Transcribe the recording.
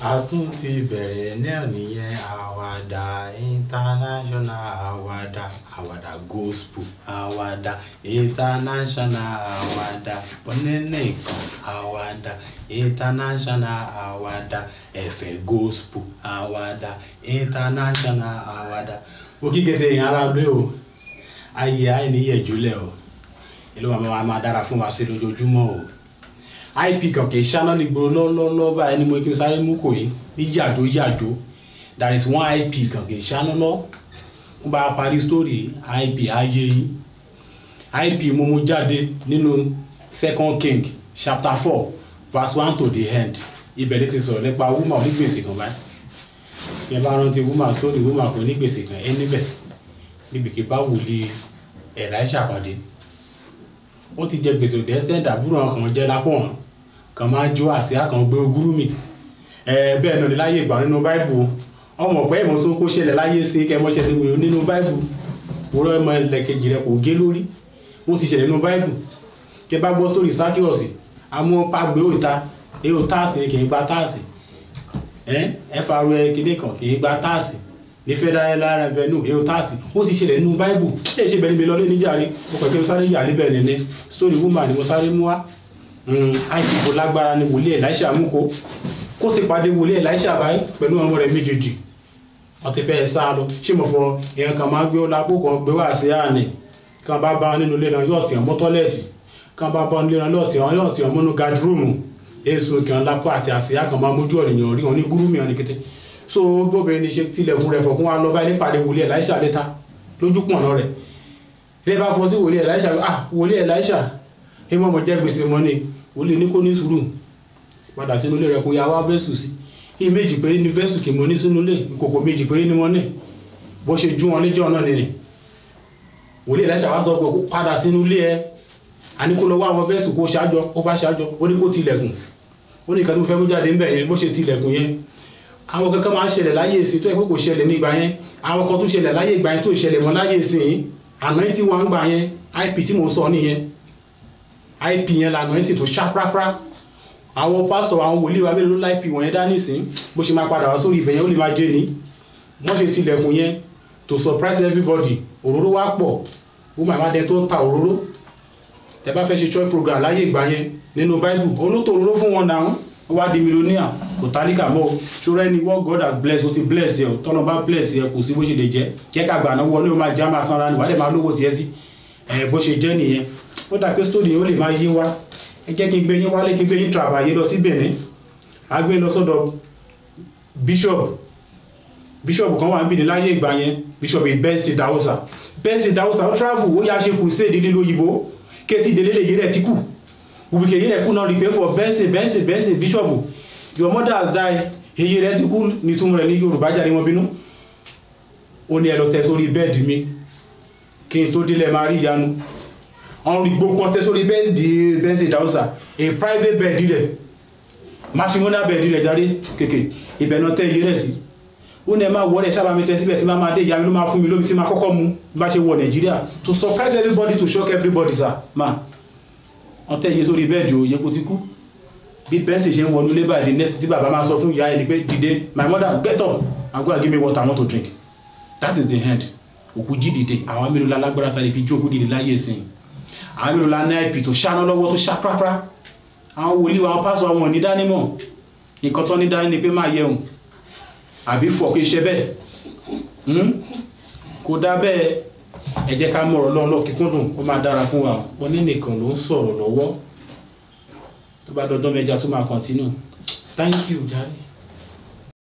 a tún ti bẹ̀rẹ̀ náà nìyẹn àwàdà international àwàdà àwàdà gospel àwàdà international àwàdà onínìkan àwàdà international àwàdà ẹ̀fẹ̀ gospel àwàdà international àwàdà ó kí kété yẹn ara lé o ayé ayé níyẹ̀jú lẹ̀ o ìlú wa máa dára fún wa sí lójoojúmọ́ o ip kan kì í ṣáná ní gbòòrò lọ́lọ́lọ́ báyìí ni mo kí n sáré mú kò yìí ní yàjò yàjò that is one ip kan kì í ṣáná lọ kó bá a parí story ip ayé yìí ip mo mú jáde nínú second king chapter four verse one to the end ibẹ̀ ló ti sọ̀rọ̀ nípa wúmà onígbèsè kan báyìí yẹn bá rántí wúmà story wúmà kò onígbèsè kan ẹ níbẹ̀ níbi kí bá wòlíì ẹ̀ráì ṣàpàdé ó ti jẹ gbèsè òdẹ́sẹ̀ dàbúrò ọkàn jẹ́ lápò ọ̀hún kàn máa jó àsíá kan gbé ogúrúmì bẹ́ẹ̀ náà ni láyé ìgbà nínú báìbù ọmọ ọ̀pẹ́ ìmọ̀sán kó ṣẹlẹ̀ láyé sí kẹmọ́ ṣẹlẹ̀ nínú báìbù wúrọ̀ ẹ̀mọ ẹlẹ́kejì rẹ kò gé lórí wọ́n ti ṣẹlẹ̀ nínú báìbù kẹ bá gbọ́ sórí sákìọ̀sì àmọ́ pàgbé òta èyí ò táàsì kì í gba táàsì ẹ faru ẹ kéde kan kì í gba táàsì ní federal revenue èyí ò táàsì wọ́n ti ṣẹlẹ̀ nínú báìbù ṣé ìṣe bẹ́ẹ̀ ni mi lọ lé níjàre mo kàn kí mo sáré yà níbẹ̀ nìyẹn story woman ni mo sáré mú wá àìsíkò hmm, lágbára ni wòlíì Elisha mú kó kó ti pàdé wòlíì Elisha báyìí pẹ̀lú ọmọ rẹ̀ méjèèjì wọ́n ti fẹ́ sá lọ ṣé mo fọ èèyàn kan máa gbé ọlá púpọ̀ gbé wá sí àná kan bá bá nínú ilé náà yóò tì ọ́ mọ́ tọ́lẹ̀tì kan bá bá nínú ilé náà yóò tì yóò tì ọ́ mọ́nú gadrúmù èso gan lápá àti àsíyá kan máa mójú ọ̀nìyàn rí wọn ní gúrúmì ọ̀nì kété so bóbìnrin ni ṣe tilẹ̀kùn rẹ̀ fọ̀kún wa lọ báyìí nípàdé wòlíì Elisha lẹ́ta lójú pọ̀ náà rẹ̀ ilé bá fọ sí wòlíì Elisha ah wòlíì Elisha ìmọ̀ mọ̀ jẹ́ gbèsè mọ́ ni ó lè ní kó ní sùúrù padà sínú ilé rẹ kó ya wá vẹ́sù sí iye méjì péré ni vẹ́sù kì mo ní sínú ilé kòkò méjì péré ni wọ́n ní bó ṣe jú wọn níjọ́ náà nìyẹn wòlíì Èlíṣà wá sọ pé kó padà sínú ilé ẹ àní kó lọ wá àwọn vẹ́sù kó ṣáájọ ó bá ṣáájọ ó ní kó tilẹ̀kùn ó ní nǹkan tó fẹ́ mú jáde ńbẹ̀ yẹn bó ṣe tilẹ̀kùn yẹn àwọn kankan máa ń ṣẹlẹ̀ láyé ìsìn tó yẹ pé kò ṣẹlẹ̀ nígbà yẹn àwọn kan tó ṣẹlẹ̀ láyé ìgbà yẹn tó ṣẹlẹ̀ mọ́ láyé ìsìn àná tí wọ́n ń gbà yẹn ip tí mò sọ nìyẹn ip yẹn lànà ẹ̀ tì tó ṣáprápá àwọn pásítọ̀ àwọn wòlíì wa mélòó láì pì wọ̀nyẹn dání sí bó ṣe máa padà wá sórí ibẹ̀ yẹn ó lè máa jẹ́ ni wọ́n ṣe tilẹ̀kùn yẹn to surprise everybody òróró wá pọ̀ ó máa máa dẹ tó ń ta òróró tẹ bá fẹ́ ṣe church program láyé ìgbà yẹn nínú bible olóòtú òróró fún wọn náà ó wá di millionaire kò tálíkà mọ́ o ṣòro ẹni what God has blessed ó ti bless yẹ o tọ́nà bá bless yẹ kò sí bó ṣe lè jẹ́ jẹ́ ká gbà náà wọlé ó máa jẹ́ á máa sanra ni wàá ẹ̀ bó ṣe jẹ́ nìyẹn ó dà pé sítórì ó lè máa yé wa ẹ jẹ́ kí n gbé yín wálé kí n gbé yín tàbáyé lọ sí Benin a gbé lọ sọ́dọ̀ bishop bishop kan wà ń bìnrin láyé ìgbà yẹn bishop Benson Daosa Benson Daosa ó travel ó yá ṣe crusade nílùú òyìnbó kéétì délé lè yé rẹ̀ tí kù òbíkè yé rẹ̀ kú náà rí pé for Benson Benson Benson bishop your mother has died èyí rẹ̀ ti kú nítumọ̀ rẹ̀ ní Yorùbá jáde wọn bínú ó ní ẹ lọ tẹ sórí bẹ́ẹ̀dì mi kí n tó délẹ̀ máa ìyanu ọ̀run ìgbókun ọtẹ sórí bẹ́ẹ̀dì bẹ́ẹ̀sì ìdáhùsà a private bed rẹ̀ matrimonial bed rẹ̀ jáde kèké ibẹ̀ tẹ́ iye rẹ̀ sí ó ní ẹ máa wọlé sábà mi tẹ síbẹ̀ tí máa máa dé ìyanu ló máa fún mi lómi tí máa kọ́kọ́ mu bá ṣe wọ nàìjíríà to surprise everybody to shock everybody sir ma ọtẹ iye sórí bẹ́ẹ̀dì òye kò ti kú bí bẹ́ẹ̀sì ṣe ń wọnú lébà ìdí nẹ́ẹ̀sì tí bàbá máa sọ my mother get up and go and give me water i want to drink that is the end òkú jí dìde àwọn mélòó la lágbára ta lè fi jó òkú dìde láyé ìsìn àwọn mélòó la náà ìpì tó ṣáná lọ́wọ́ tó ṣá pápá àwọn wòlíì àwọn pásọ àwọn ò ní dánimọ̀ nǹkan tó ní dání ni pé máa yẹun àbí fọ̀ pé ṣe bẹ́ẹ̀ hmm? kò dá bẹ́ẹ̀ ẹ jẹ́ ká mọ̀rọ̀ lọ́n lọ́ kíkún dùn ó máa dára fún wa wọn ní nìkan ló ń sọ̀rọ̀ lọ́wọ́ tó bá dọdún mẹ́ja tó máa kọ̀ntínú thank you jare.